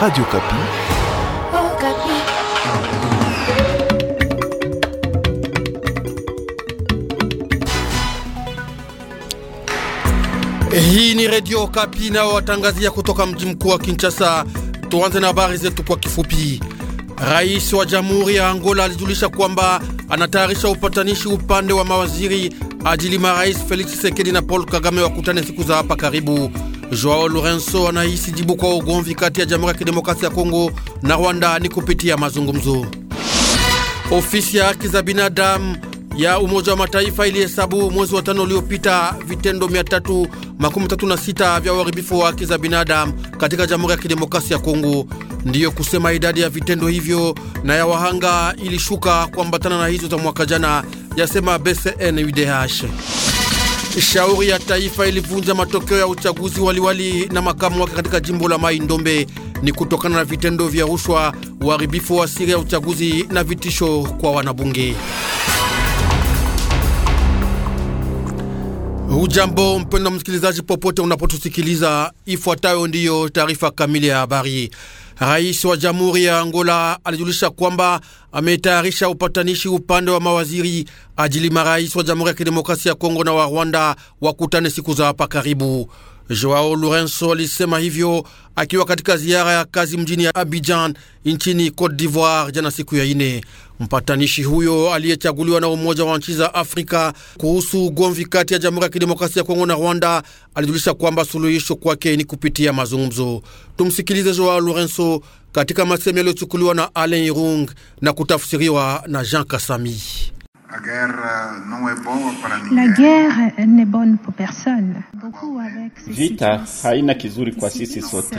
Radio Kapi. Oh, Kapi. Eh, hii ni Radio Kapi nao watangazia kutoka mji mkuu wa Kinshasa. Tuanze na habari zetu kwa kifupi. Rais wa Jamhuri ya Angola alijulisha kwamba anatayarisha upatanishi upande wa mawaziri ajili marais Felix Tshisekedi na Paul Kagame wakutane siku za hapa karibu. Joao Lorenzo anahisi jibu kwa ugomvi kati ya Jamhuri ya Kidemokrasia ya Kongo na Rwanda ni kupitia mazungumzo. Ofisi ya haki za binadamu ya Umoja wa Mataifa ilihesabu mwezi wa tano uliopita vitendo 336 vya uharibifu wa haki za binadamu katika Jamhuri ya Kidemokrasia ya Kongo. Ndiyo kusema idadi ya vitendo hivyo na ya wahanga ilishuka kuambatana na hizo za mwaka jana, yasema BCNUDH. Shauri ya taifa ilivunja matokeo ya uchaguzi waliwali wali na makamu wake katika jimbo la Mai Ndombe ni kutokana na vitendo vya rushwa, uharibifu wa siri ya uchaguzi na vitisho kwa wanabunge. Hujambo mpenda msikilizaji, popote unapotusikiliza, ifuatayo ndiyo taarifa kamili ya habari. Rais wa Jamhuri ya Angola alijulisha kwamba ametayarisha upatanishi upande wa mawaziri ajili marais wa Jamhuri ya Kidemokrasia ya Kongo na wa Rwanda wakutane siku za hapa karibu. Joao Lourenco alisema hivyo akiwa katika ziara ya kazi mjini ya Abidjan nchini Cote d'Ivoire jana siku ya ine. Mpatanishi huyo aliyechaguliwa na Umoja wa Nchi za Afrika kuhusu ugomvi kati ya Jamhuri ya Kidemokrasia ya Kongo na Rwanda alijulisha kwamba suluhisho kwake ni kupitia mazungumzo. Tumsikilize Joao lorenso katika masemi yaliyochukuliwa na Alain Irung na kutafsiriwa na Jean Kasami. La guerre n'est bonne pour personne. Vita haina kizuri kwa sisi sote.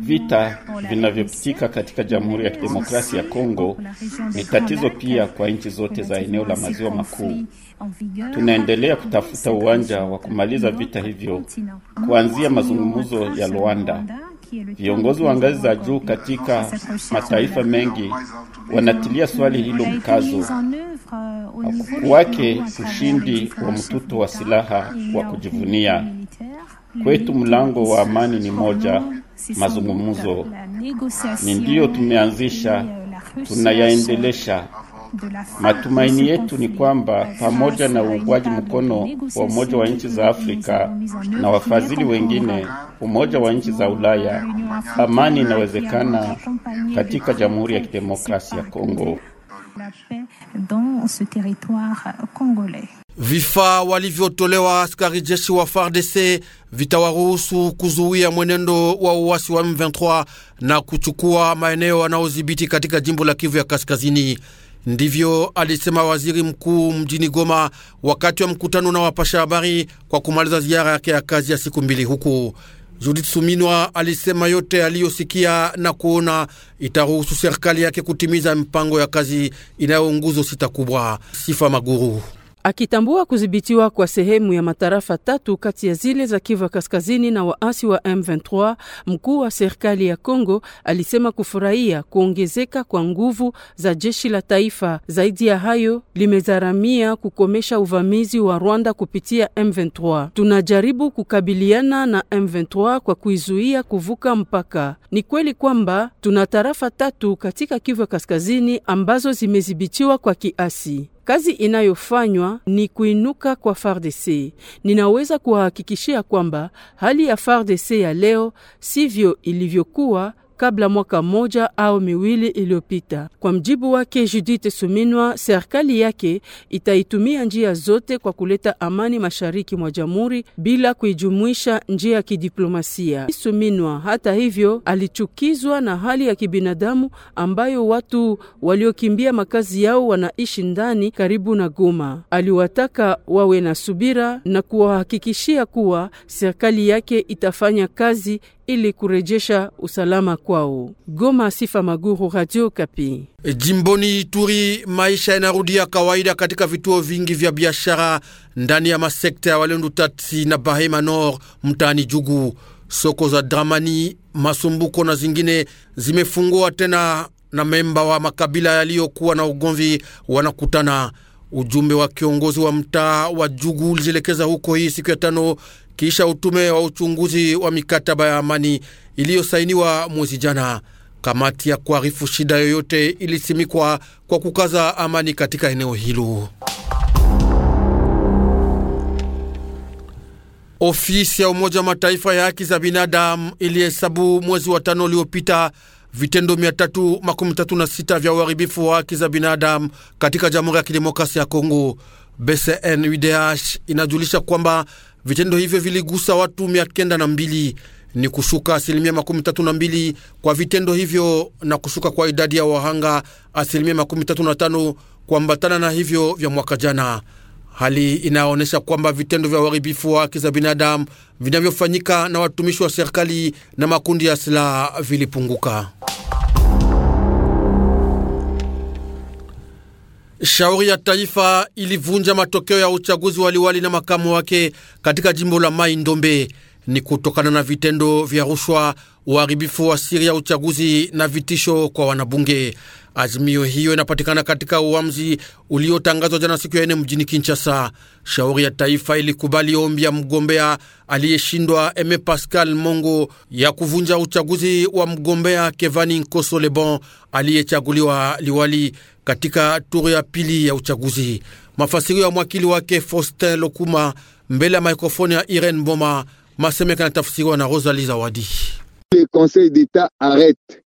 Vita vinavyopitika katika Jamhuri ya Kidemokrasia ya Kongo ni tatizo pia kwa nchi zote za eneo la Maziwa Makuu. Tunaendelea kutafuta uwanja wa kumaliza vita hivyo kuanzia mazungumzo ya Luanda. Viongozi wa ngazi za juu katika mataifa mengi wanatilia swali hilo mkazo wake ushindi wa mtuto wa silaha wa kujivunia. Kwetu mlango wa amani ni moja, mazungumzo ni ndiyo tumeanzisha, tunayaendelesha. Matumaini yetu ni kwamba pamoja na uungwaji mkono wa Umoja wa Nchi za Afrika na wafadhili wengine, Umoja wa Nchi za Ulaya, amani inawezekana katika Jamhuri ya Kidemokrasia ya Kongo la paix dans ce territoire congolais. Vifaa walivyotolewa askari jeshi wa FARDC vitawaruhusu kuzuia mwenendo wa uasi wa M23 na kuchukua maeneo wanaodhibiti katika jimbo la Kivu ya Kaskazini. Ndivyo alisema waziri mkuu mjini Goma wakati wa mkutano na wapasha habari kwa kumaliza ziara yake ya kazi ya siku mbili huku Judith Suminwa alisema yote aliyosikia na kuona itaruhusu serikali yake kutimiza mpango ya kazi inayo nguzo sita kubwa. Sifa Maguru akitambua kudhibitiwa kwa sehemu ya matarafa tatu kati ya zile za Kivu Kaskazini na waasi wa M23. Mkuu wa serikali ya Kongo alisema kufurahia kuongezeka kwa nguvu za jeshi la taifa. Zaidi ya hayo, limezaramia kukomesha uvamizi wa Rwanda kupitia M23. Tunajaribu kukabiliana na M23 kwa kuizuia kuvuka mpaka. Ni kweli kwamba tuna tarafa tatu katika Kivu Kaskazini ambazo zimedhibitiwa kwa kiasi. Kazi inayofanywa ni kuinuka kwa FARDC. Ninaweza kuwahakikishia kwamba hali ya FARDC ya leo sivyo ilivyokuwa kabla mwaka mmoja au miwili iliyopita. Kwa mjibu wake Judith Suminwa, serikali yake itaitumia njia zote kwa kuleta amani mashariki mwa jamhuri bila kuijumuisha njia ya kidiplomasia. Suminwa, hata hivyo, alichukizwa na hali ya kibinadamu ambayo watu waliokimbia makazi yao wanaishi ndani karibu na Goma. Aliwataka wawe na subira na kuwahakikishia kuwa serikali yake itafanya kazi ili kurejesha usalama kwao. Goma, Sifa Maguru, Radio Kapi. Jimboni Ituri, maisha yanarudia kawaida katika vituo vingi vya biashara ndani ya masekta ya Walendu Tati na Bahema Nord mtaani Jugu. Soko za Dramani, Masumbuko na zingine zimefungua tena, na memba wa makabila yaliyokuwa na ugomvi wanakutana. Ujumbe wa kiongozi wa mtaa wa Jugu ulijielekeza huko hii siku ya tano kisha utume wa uchunguzi wa mikataba ya amani iliyosainiwa mwezi jana. Kamati ya kuarifu shida yoyote ilisimikwa kwa kukaza amani katika eneo hilo. Ofisi ya Umoja Mataifa ya haki za binadamu ilihesabu mwezi wa tano uliopita vitendo 336 vya uharibifu wa haki za binadamu katika Jamhuri ya Kidemokrasia ya Kongo. BCNUDH inajulisha kwamba Vitendo hivyo viligusa watu mia kenda na mbili ni kushuka asilimia makumi tatu na mbili kwa vitendo hivyo na kushuka kwa idadi ya wahanga asilimia makumi tatu na tano kuambatana na hivyo vya mwaka jana, hali inaonyesha kwamba vitendo vya uharibifu wa haki za binadamu vinavyofanyika na watumishi wa serikali na makundi ya silaha vilipunguka. Shauri ya taifa ilivunja matokeo ya uchaguzi waliwali na makamu wake katika jimbo la Mai Ndombe ni kutokana na vitendo vya rushwa, uharibifu wa siri ya uchaguzi na vitisho kwa wanabunge. Azimio hiyo inapatikana katika uamuzi uliotangazwa jana siku ya ine mjini Kinshasa. Shauri ya taifa ilikubali ombi ya mgombea aliyeshindwa Eme Pascal Mongo ya kuvunja uchaguzi wa mgombea Kevani Nkoso Lebon aliyechaguliwa liwali katika turu ya pili ya uchaguzi. Mafasirio ya mwakili wake Faustin Lokuma mbele ya maikrofoni ya Irene Boma. masemeka na tafsiri wana rosalie zawadi le conseil d'état arrête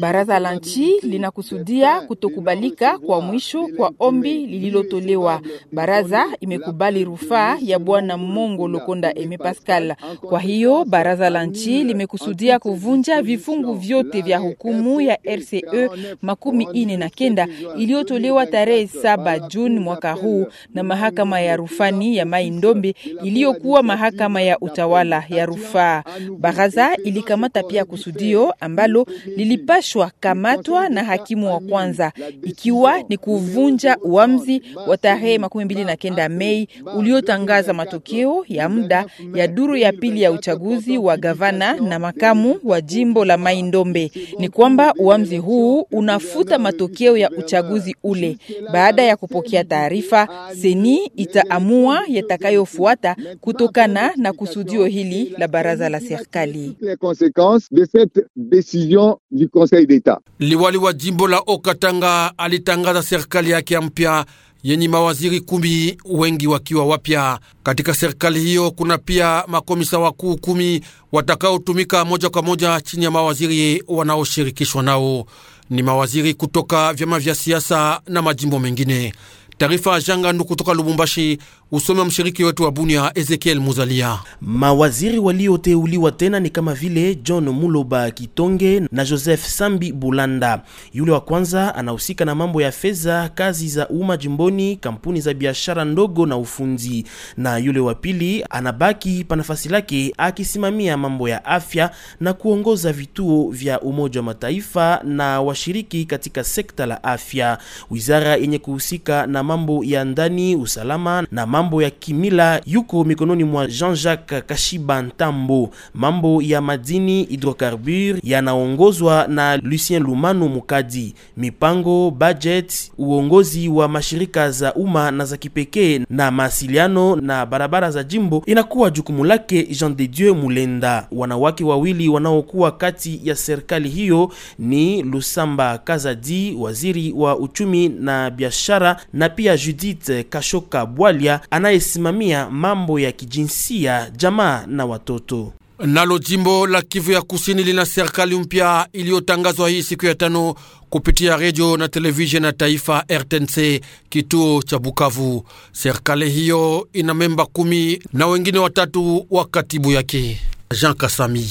Baraza la nchi linakusudia kutokubalika kwa mwisho kwa ombi lililotolewa. Baraza imekubali rufaa ya bwana Mongo Lokonda eme Pascal. Kwa hiyo baraza la nchi limekusudia kuvunja vifungu vyote vya hukumu ya RCE makumi ine na kenda iliyotolewa tarehe saba Juni mwaka huu na mahakama ya rufani ya Mai Ndombe iliyokuwa mahakama ya utawala ya rufaa. Baraza ilikamata pia kusudio ambalo lilipashwa kamatwa na hakimu wa kwanza, ikiwa ni kuvunja uamzi wa tarehe makumi mbili na kenda Mei uliotangaza matokeo ya muda ya duru ya pili ya uchaguzi wa gavana na makamu wa jimbo la Mai Ndombe. Ni kwamba uamzi huu unafuta matokeo ya uchaguzi ule. Baada ya kupokea taarifa, seni itaamua yatakayofuata kutokana na kusudio hili la baraza la serikali décision du Conseil d'État. Liwali wa jimbo la Okatanga alitangaza serikali yake mpya yenye mawaziri kumi, wengi wakiwa wapya. Katika serikali hiyo kuna pia makomisa wakuu kumi watakaotumika moja kwa moja chini ya mawaziri wanaoshirikishwa nao ni mawaziri kutoka vyama vya siasa na majimbo mengine. Taarifa Ndu kutoka Lubumbashi, usome wa mshiriki wetu wa Bunia, Ezekiel Muzalia. Mawaziri walioteuliwa tena ni kama vile John Muloba Kitonge na Joseph Sambi Bulanda. Yule wa kwanza anahusika na mambo ya fedha, kazi za umma jimboni, kampuni za biashara ndogo na ufunzi, na yule wa pili anabaki pa nafasi lake akisimamia mambo ya afya na kuongoza vituo vya Umoja wa Mataifa na washiriki katika sekta la afya. Wizara yenye kuhusika na na mambo ya ndani, usalama na mambo ya kimila yuko mikononi mwa Jean-Jacques Kashiba Ntambo. Mambo ya madini, hydrocarbure yanaongozwa na Lucien Lumano Mukadi. Mipango, budget, uongozi wa mashirika za umma na za kipekee na mawasiliano na barabara za jimbo inakuwa jukumu lake Jean de Dieu Mulenda. Wanawake wawili wanaokuwa kati ya serikali hiyo ni Lusamba Kazadi, waziri wa uchumi na biashara na pia Judith Kashoka Bwalia anayesimamia mambo ya kijinsia, jamaa na watoto. Nalo jimbo la Kivu ya Kusini lina serikali mpya iliyotangazwa hii siku ya tano kupitia redio na televisheni ya taifa RTNC kituo cha Bukavu. Serikali hiyo ina memba kumi na wengine watatu wa katibu yake Jean Kasami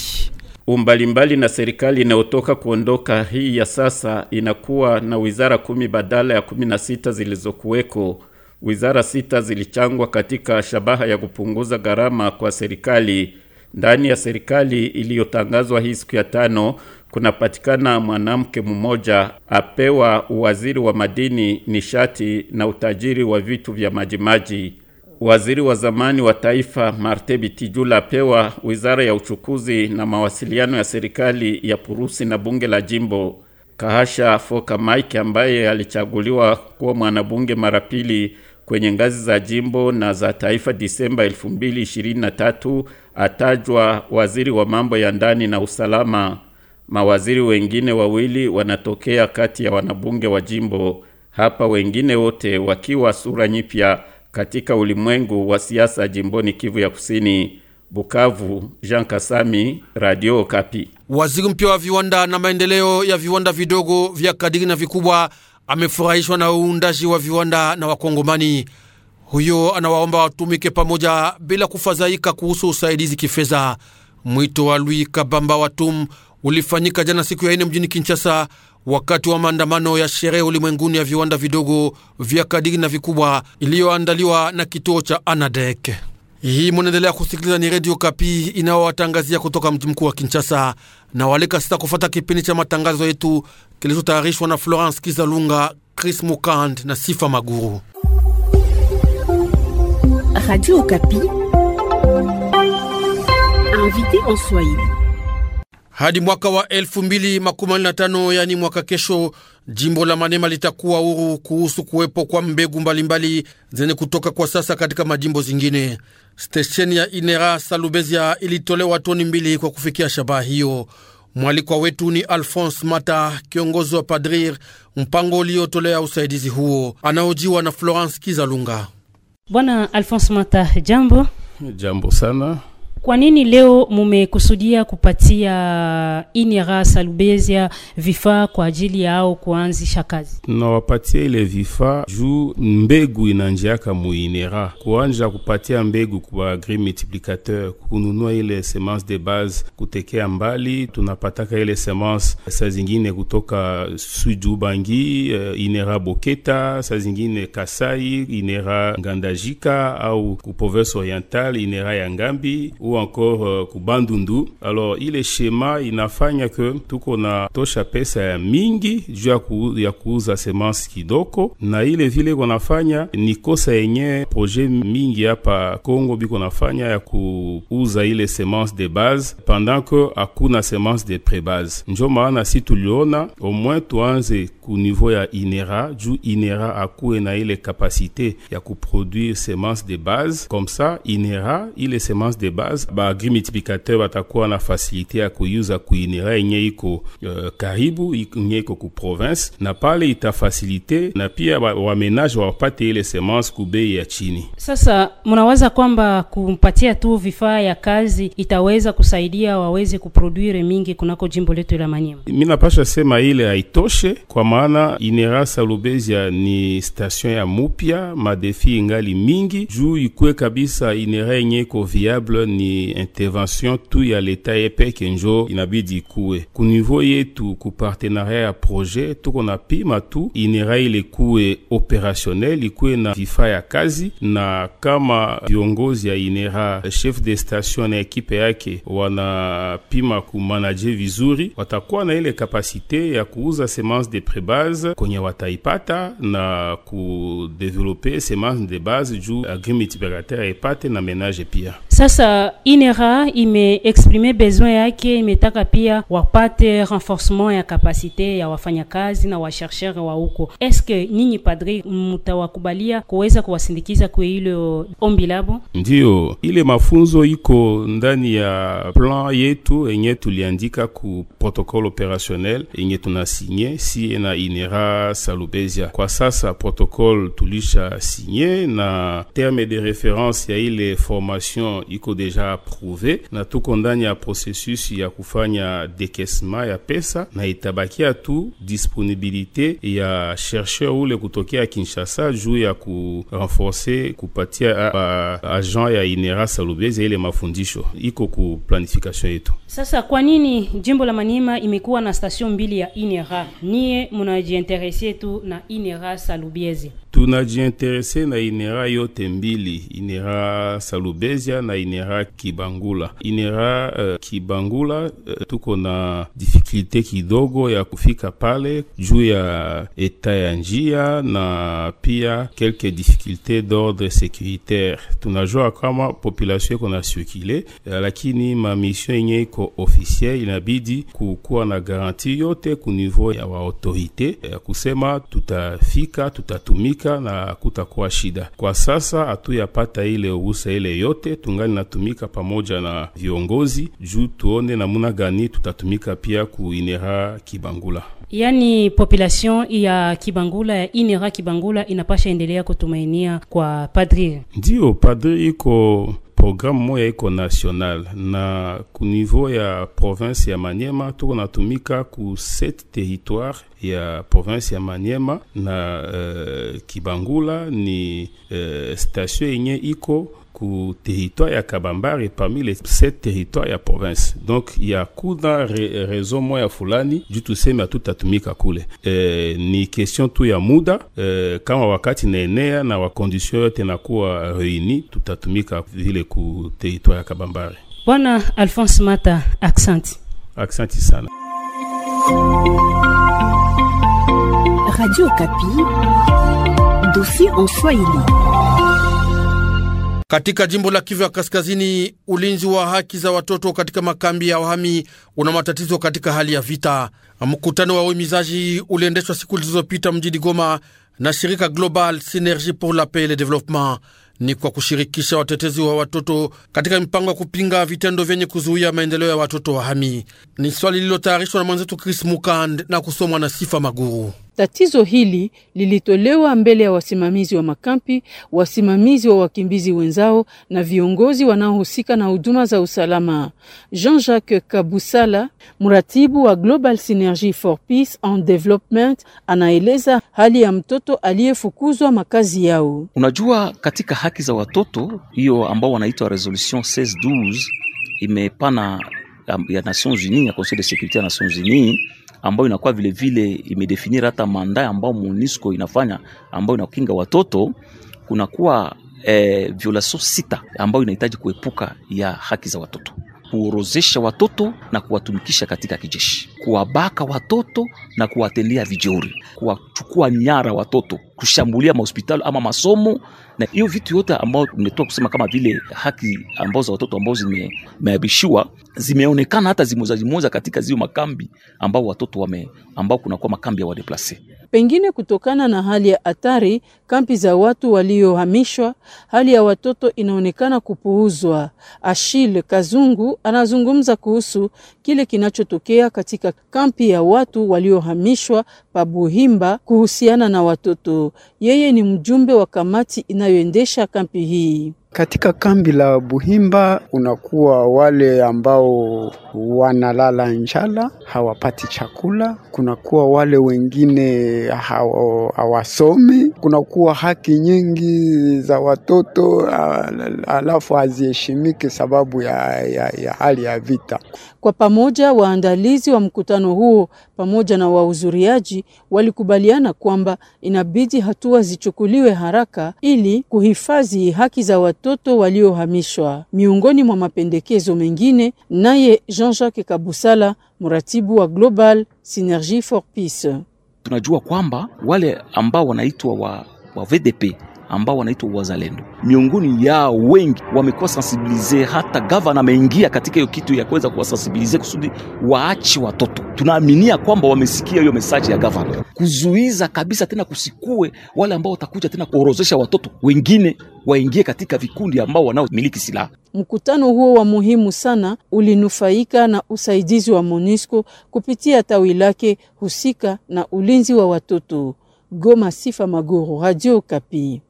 umbalimbali na serikali inayotoka kuondoka. Hii ya sasa inakuwa na wizara kumi badala ya kumi na sita zilizokuweko. Wizara sita zilichangwa katika shabaha ya kupunguza gharama kwa serikali. Ndani ya serikali iliyotangazwa hii siku ya tano kunapatikana mwanamke mmoja apewa uwaziri wa madini, nishati na utajiri wa vitu vya majimaji waziri wa zamani wa taifa Marte Bitijula pewa wizara ya uchukuzi na mawasiliano ya serikali ya Purusi na bunge la jimbo. Kahasha Foka Mike ambaye alichaguliwa kuwa mwanabunge mara pili kwenye ngazi za jimbo na za taifa Disemba 2023 atajwa waziri wa mambo ya ndani na usalama. Mawaziri wengine wawili wanatokea kati ya wanabunge wa jimbo hapa, wengine wote wakiwa sura nyipya katika ulimwengu wa siasa jimboni Kivu ya Kusini. Bukavu, Jean Kasami, Radio Kapi. Waziri mpya wa viwanda na maendeleo ya viwanda vidogo vya kadiri na vikubwa amefurahishwa na uundaji wa viwanda na Wakongomani. Huyo anawaomba watumike pamoja bila kufadhaika kuhusu usaidizi kifedha. Mwito wa Lui Kabamba Watum ulifanyika jana siku ya ine mjini Kinshasa wakati wa maandamano ya sherehe ulimwenguni ya viwanda vidogo vya kadiri na vikubwa iliyoandaliwa na kituo cha Anadek. Hii munaendelea kusikiliza, ni Redio Kapi inayowatangazia kutoka mji mkuu wa Kinshasa na walika sita kufata kipindi cha matangazo yetu kilichotayarishwa na Florence Kizalunga, Chris Mukand na Sifa Maguru. Radio Kapi, invité en Swahili. Hadi mwaka wa 2025 yani mwaka kesho, jimbo la Manema litakuwa huru kuhusu kuwepo kwa mbegu mbalimbali zenye kutoka kwa sasa katika majimbo zingine. Stesheni ya Inera Salubezia ilitolewa toni mbili kwa kufikia shabaha hiyo. Mwalikwa wetu ni Alphonse Mata, kiongozi wa Padrir, mpango uliotolea usaidizi huo, anaojiwa na Florence Kizalunga. Bwana Alphonse Mata, jambo. Jambo sana. Kwa nini leo mumekusudia kupatia Inira Salubezia vifaa kwa ajili yao kuanzisha kazi? Nawapatia ile vifaa juu mbegu inanjiaka muinera kuanja kupatia mbegu kwa agri multiplicateur kununua ile semence de base kutekea mbali, tunapataka ile semence sa zingine kutoka Sud Ubangi, eh, Inera Boketa, sa zingine Kasai, Inera Ngandajika au kuprovense oriental Inera ya Ngambi encore euh, kubandundu. Alors il il est n'a shema que tout qu'on a tocha pesa mingi juu ya, ku, ya kuuza semansi kidoko na ile vile konafanya ni kosa yenye projet mingi hapa Kongo biko nafanya ya kuuza ile semences de base pendant que n'a semences de prébase. Njo maana si tuliona au moins tuanze ku niveau ya INERA juu INERA akuwe na ile kapasite ya produire semences de base, comme ça INERA ile semences de base base baagri batakuwa na fasilite ya kuyuza kuinera yenye iko uh, karibu yenye iko ku province na pale itafasilite na pia wamenage wa wapate ile semence kubei ya chini. Sasa munawaza kwamba kumpatia tu vifaa ya kazi itaweza kusaidia waweze kuproduire mingi kunako jimbo letu la Manyema? Mimi napasha sema ile haitoshe, kwa maana inerasa salubezia ni station ya mupya, madefi ingali mingi juu ikue kabisa inera yenye iko viable ni ni intervention il ya leta ye mpe kenzo inabidi kuwe kunivo yetu partenariat à projet tukonapima tu inerai opérationnels les kwe na vifaya ya kazi na kama viongozi ya inera chef de station na wana pima ku manager vizuri, watakuwa na ile capacité ya kuuza semence de prebase kwenye wataipata na développer semence de base juu et pata na ménage pia. Sasa INERA imeexprime besoin yake, imetaka pia wapate renforcement ya kapasite ya wafanyakazi na washersher wa huko. Eske nyinyi padri mutawakubalia kuweza kuwasindikiza kwa ile ombi labo? Ndiyo, ile mafunzo iko ndani ya plan yetu yenye tuliandika ku protocole opérationnel yenye tunasinye sie na INERA Salubezia. Kwa sasa protocole tulisha signé na terme de référence ya ile formation iko deja approuve, na tuko ndani ya processus ya kufanya dekesema ya pesa, na itabakia tu disponibilite ya chercheur ule kutokea Kinshasa juu ya kurenforce kupatia agent ya inera salubezi ile mafundisho iko ku planification yetu. Sasa kwa nini jimbo la Maniema imekuwa na station mbili ya inera? Nie munajiinterese tu na inera salubiezi? Tunajiinterese na inera yote mbili, inera salubezia na Inera Kibangula. Inera uh, Kibangula uh, tuko na difikulite kidogo ya kufika pale juu ya eta ya njia na pia kelke difikulite d'ordre securitaire. Tunajua kama population iko na sirkule, eh, lakini mamission yenye iko officiel inabidi kukuwa na garanti yote ku niveau ya waautorite ya kusema tutafika, tutatumika na kutakuwa shida. Kwa sasa hatuyapata ile ruhusa ile yote tunga tungali natumika pamoja na viongozi juu tuone namuna gani tutatumika pia inera Kibangula. Yani population ya Kibangula ya inera Kibangula inapasha endelea kutumainia kwa padri. ndio padri iko programu moya iko national na ku niveau ya province ya Manyema tuko natumika ku set territoire ya province ya manyema na uh, Kibangula ni uh, station yenye iko ku territoire à Kabambar et parmi les sept territoires à province. Donc il y a kuna raison moya fulani jutuseme hatutatumika kule. E, euh, ni question tu ya muda e, euh, kama wakati naenea na wa wakondisio yote nakuwa reuni tutatumika vile ku territoire ya Kabambare. Bwana Alphonse Mata, Accent. Accent sana. Radio Kapi, dossier en Swahili. Katika jimbo la Kivu ya Kaskazini, ulinzi wa haki za watoto katika makambi ya wahami una matatizo katika hali ya vita. Mkutano wa uhimizaji uliendeshwa siku zilizopita mjini Goma na shirika Global Synergy pour la Paix et le Développement ni kwa kushirikisha watetezi wa watoto katika mipango ya kupinga vitendo vyenye kuzuia maendeleo ya watoto wahami. Ni swali lililotayarishwa na mwenzetu Chris Mukand na kusomwa na Sifa Maguru. Tatizo hili lilitolewa mbele ya wasimamizi wa makampi, wasimamizi wa wakimbizi wenzao na viongozi wanaohusika na huduma za usalama. Jean-Jacques Kabusala, mratibu wa Global Synergy for Peace and Development, anaeleza hali ya mtoto aliyefukuzwa makazi yao. Unajua, katika haki za watoto hiyo ambao wanaitwa resolution 1612 imepana ya Nations Unies ya Conseil de Sécurité ya Nations Unies ambayo inakuwa vilevile imedefinira hata manda ambayo MONUSCO inafanya ambayo inakinga watoto, kunakuwa eh, violation sita ambayo inahitaji kuepuka ya haki za watoto kuorozesha watoto na kuwatumikisha katika kijeshi, kuwabaka watoto na kuwatendea vijeuri, kuwachukua nyara watoto, kushambulia mahospitali ama masomo na hiyo vitu yote ambao umetoa kusema kama vile haki ambao za watoto ambao zimeabishiwa zimeonekana hata zimoza moja katika zio makambi ambao watoto wame ambao kunakuwa makambi ya wadeplase. Pengine kutokana na hali ya hatari kampi za watu waliohamishwa, hali ya watoto inaonekana kupuuzwa. ashil Kazungu anazungumza kuhusu kile kinachotokea katika kampi ya watu waliohamishwa pabuhimba kuhusiana na watoto. Yeye ni mjumbe wa kamati inayo UND, chacun pays Katika kambi la Buhimba kunakuwa wale ambao wanalala njala, hawapati chakula. Kunakuwa wale wengine hawasomi. Kunakuwa haki nyingi za watoto alafu haziheshimiki sababu ya, ya, ya hali ya vita. Kwa pamoja, waandalizi wa mkutano huo pamoja na wahudhuriaji walikubaliana kwamba inabidi hatua zichukuliwe haraka ili kuhifadhi haki za watoto watoto waliohamishwa. Miongoni mwa mapendekezo mengine, naye Jean-Jacques Kabusala, mratibu wa Global Synergy for Peace: tunajua kwamba wale ambao wanaitwa wa, wa VDP ambao wanaitwa wazalendo. Miongoni yao wengi wamekuwa sensibilize, hata gavana ameingia katika hiyo kitu ya kuweza kuwasensibilize kusudi waache watoto. Tunaaminia kwamba wamesikia hiyo mesaji ya gavana kuzuiza kabisa tena kusikue wale ambao watakuja tena kuorozesha watoto wengine waingie katika vikundi ambao wanaomiliki silaha. Mkutano huo wa muhimu sana ulinufaika na usaidizi wa MONUSCO kupitia tawi lake husika na ulinzi wa watoto. Goma, Sifa magoro Radio Kapi.